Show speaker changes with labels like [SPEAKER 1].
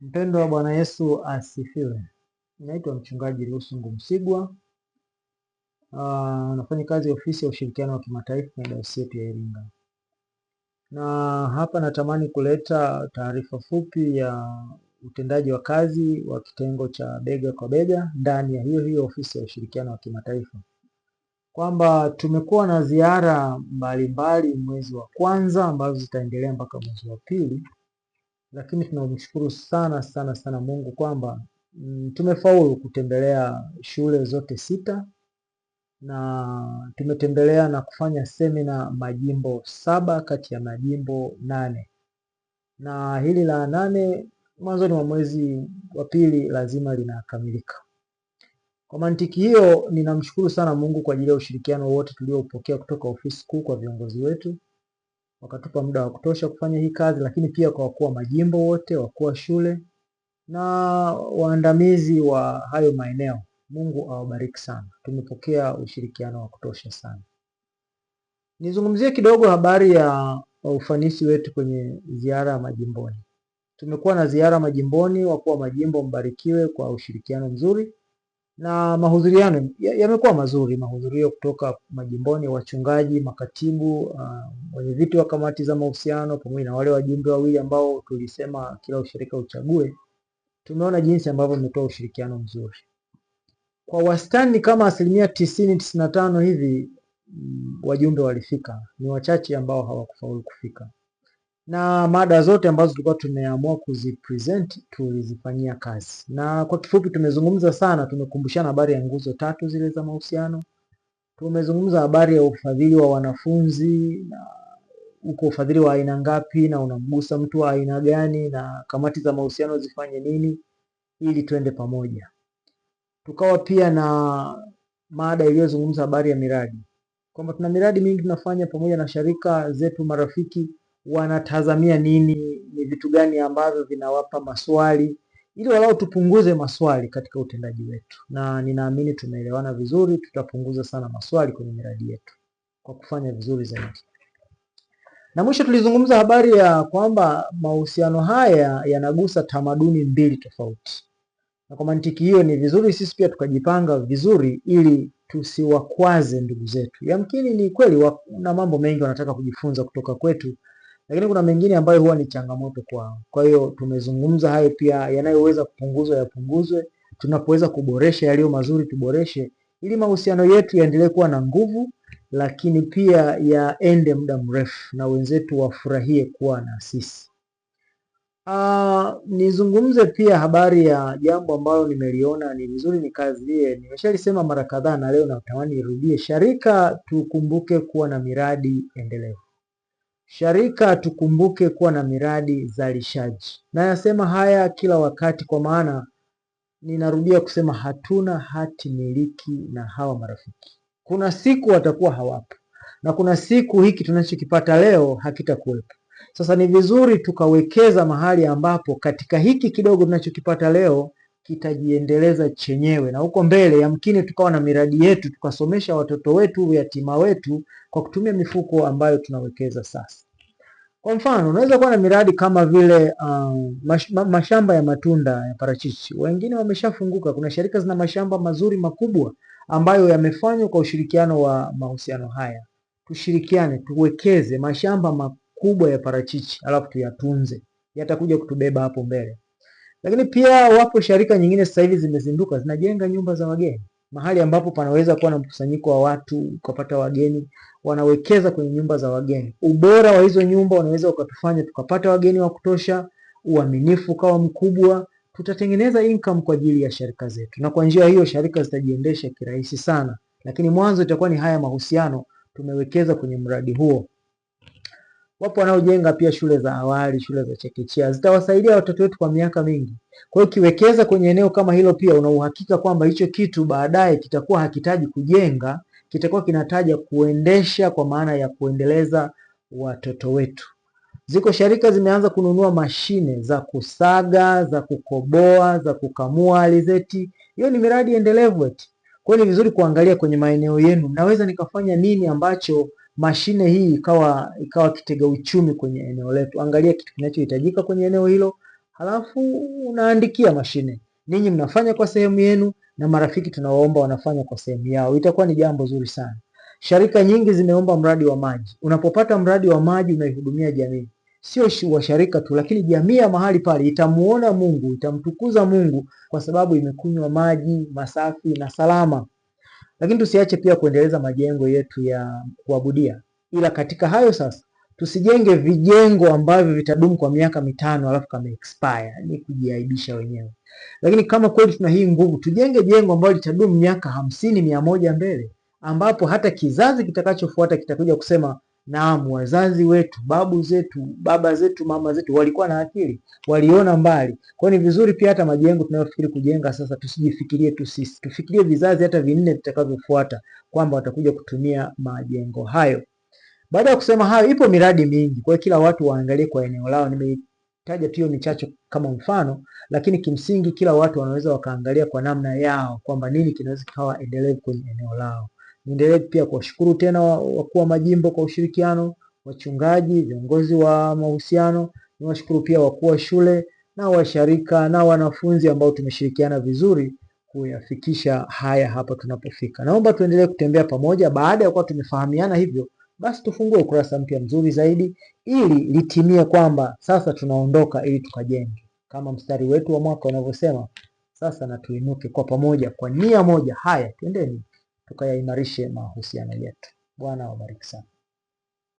[SPEAKER 1] Mpendo wa Bwana Yesu asifiwe. Naitwa Mchungaji Lusungu Msigwa. Uh, ah, nafanya kazi ofisi ya ushirikiano wa kimataifa na dayosisi yetu ya Iringa, na hapa natamani kuleta taarifa fupi ya utendaji wa kazi wa kitengo cha bega kwa bega ndani ya hiyo hiyo ofisi ya ushirikiano wa kimataifa kwamba tumekuwa na ziara mbalimbali mwezi wa kwanza ambazo zitaendelea mpaka mwezi wa pili lakini tunamshukuru sana sana sana Mungu kwamba mm, tumefaulu kutembelea shule zote sita na tumetembelea na kufanya semina majimbo saba kati ya majimbo nane, na hili la nane mwanzoni mwa mwezi wa pili lazima linakamilika. Kwa mantiki hiyo, ninamshukuru sana Mungu kwa ajili ya ushirikiano wote tuliopokea kutoka ofisi kuu kwa viongozi wetu wakatupa muda wa kutosha kufanya hii kazi, lakini pia kwa wakuu wa majimbo wote, wakuu wa shule na waandamizi wa hayo maeneo. Mungu awabariki sana. Tumepokea ushirikiano wa kutosha sana. Nizungumzie kidogo habari ya ufanisi wetu kwenye ziara ya majimboni. Tumekuwa na ziara majimboni, wakuu wa majimbo mbarikiwe kwa ushirikiano mzuri na mahudhuriano yamekuwa mazuri. Mahudhurio kutoka majimboni, wachungaji, makatibu, uh, viti wa kamati za mahusiano pamoja na wale wajumbe wawili ambao tulisema kila ushirika uchague, tumeona jinsi ambavyo umetoa ushirikiano mzuri. Kwa wastani kama asilimia tisini tisini na tano hivi mm, wajumbe walifika, ni wachache ambao hawakufaulu kufika na mada zote ambazo tulikuwa tumeamua kuzipresent tulizifanyia kazi, na kwa kifupi tumezungumza sana, tumekumbushana habari ya nguzo tatu zile za mahusiano, tumezungumza habari ya ufadhili wa wanafunzi na uko ufadhili wa aina ngapi na unamgusa mtu wa aina gani, na kamati za mahusiano zifanye nini ili tuende pamoja. Tukawa pia na mada iliyozungumza habari ya miradi kwamba tuna miradi mingi tunafanya pamoja na sharika zetu marafiki wanatazamia nini, ni vitu gani ambavyo vinawapa maswali, ili walau tupunguze maswali katika utendaji wetu, na ninaamini tumeelewana vizuri, tutapunguza sana maswali kwenye miradi yetu kwa kufanya vizuri zaidi. Na mwisho tulizungumza habari ya kwamba mahusiano haya yanagusa tamaduni mbili tofauti, na kwa mantiki hiyo ni vizuri sisi pia tukajipanga vizuri ili tusiwakwaze ndugu zetu. Yamkini ni kweli na mambo mengi wanataka kujifunza kutoka kwetu, lakini kuna mengine ambayo huwa ni changamoto kwao. Kwa hiyo tumezungumza hayo pia, yanayoweza kupunguzwa yapunguzwe, tunapoweza kuboresha yaliyo mazuri tuboreshe, ili mahusiano yetu yaendelee kuwa na nguvu, lakini pia yaende muda mrefu na wenzetu wafurahie kuwa na sisi. Uh, nizungumze pia habari ya jambo ambalo nimeliona ni vizuri nikazie. Nimeshalisema mara kadhaa na leo natamani irudie. Sharika tukumbuke kuwa na miradi endelevu. Sharika tukumbuke kuwa na miradi zalishaji. Nayasema haya kila wakati, kwa maana ninarudia kusema hatuna hati miliki na hawa marafiki. Kuna siku watakuwa hawapo na kuna siku hiki tunachokipata leo hakitakuwepo. Sasa ni vizuri tukawekeza mahali ambapo katika hiki kidogo tunachokipata leo kitajiendeleza chenyewe, na huko mbele yamkini tukawa na miradi yetu tukasomesha watoto wetu, yatima wetu kwa kutumia mifuko ambayo tunawekeza sasa. Kwa mfano unaweza kuwa na miradi kama vile uh, mash, ma, mashamba ya matunda ya parachichi. Wengine wameshafunguka, kuna shirika zina mashamba mazuri makubwa ambayo yamefanywa kwa ushirikiano wa mahusiano haya. Tushirikiane, tuwekeze mashamba makubwa ya parachichi, alafu tuyatunze, yatakuja kutubeba hapo mbele. Lakini pia wapo sharika nyingine sasa hivi zimezinduka zinajenga nyumba za wageni, mahali ambapo panaweza kuwa na mkusanyiko wa watu ukapata wageni, wanawekeza kwenye nyumba za wageni. Ubora wa hizo nyumba unaweza ukatufanya tukapata wageni wa kutosha, uaminifu ukawa mkubwa, tutatengeneza income kwa ajili ya sharika zetu, na kwa njia hiyo sharika zitajiendesha kirahisi sana. Lakini mwanzo itakuwa ni haya mahusiano, tumewekeza kwenye mradi huo. Wapo wanaojenga pia shule za awali, shule za chekechea, zitawasaidia watoto wetu kwa miaka mingi. Kwa hiyo ukiwekeza kwenye eneo kama hilo, pia una uhakika kwamba hicho kitu baadaye kitakuwa hakitaji kujenga, kitakuwa kinataja kuendesha, kwa maana ya kuendeleza watoto wetu. Ziko sharika zimeanza kununua mashine za kusaga, za kukoboa, za kukamua alizeti. Hiyo ni miradi endelevu eti. Kwa hiyo ni vizuri kuangalia kwenye maeneo yenu, naweza nikafanya nini ambacho mashine hii ikawa ikawa kitega uchumi kwenye eneo letu. Angalia kitu kinachohitajika kwenye eneo hilo, halafu unaandikia mashine. Ninyi mnafanya kwa sehemu yenu, na marafiki tunawaomba wanafanya kwa sehemu yao. Itakuwa ni jambo zuri sana. Sharika nyingi zimeomba mradi wa maji. Unapopata mradi wa maji, unaihudumia jamii, sio wa sharika tu, lakini jamii ya mahali pale itamuona Mungu, itamtukuza Mungu kwa sababu imekunywa maji masafi na salama. Lakini tusiache pia kuendeleza majengo yetu ya kuabudia, ila katika hayo sasa tusijenge vijengo ambavyo vitadumu kwa miaka mitano alafu kama expire, ni yaani kujiaibisha wenyewe. Lakini kama kweli tuna hii nguvu, tujenge jengo ambalo litadumu miaka hamsini, mia moja mbele, ambapo hata kizazi kitakachofuata kitakuja kusema Naam, wazazi wetu, babu zetu, baba zetu, mama zetu walikuwa na akili, waliona mbali. Kwa hiyo ni vizuri pia hata majengo tunayofikiri kujenga sasa tusijifikirie tu sisi, tufikirie vizazi hata vinne vitakavyofuata kwamba watakuja kutumia majengo hayo. Baada ya kusema hayo, ipo miradi mingi, kwa hiyo kila watu waangalie kwa eneo lao. Nimeitaja tu hiyo michache kama mfano, lakini kimsingi kila watu wanaweza wakaangalia kwa namna yao kwamba nini kinaweza kikawa endelevu kwenye eneo lao. Niendelee pia kuwashukuru tena wakuu wa majimbo kwa ushirikiano, wachungaji, viongozi wa mahusiano, niwashukuru pia wakuu wa shule na washarika na wanafunzi ambao tumeshirikiana vizuri kuyafikisha haya hapa tunapofika. Naomba tuendelee kutembea pamoja. Baada ya kuwa tumefahamiana hivyo, basi tufungue ukurasa mpya mzuri zaidi, ili litimie kwamba sasa tunaondoka ili tukajenge, kama mstari wetu wa mwaka unavyosema, sasa na tuinuke kwa pamoja, kwa nia moja. Haya, twendeni tukayaimarishe mahusiano yetu. Bwana wabariki sana.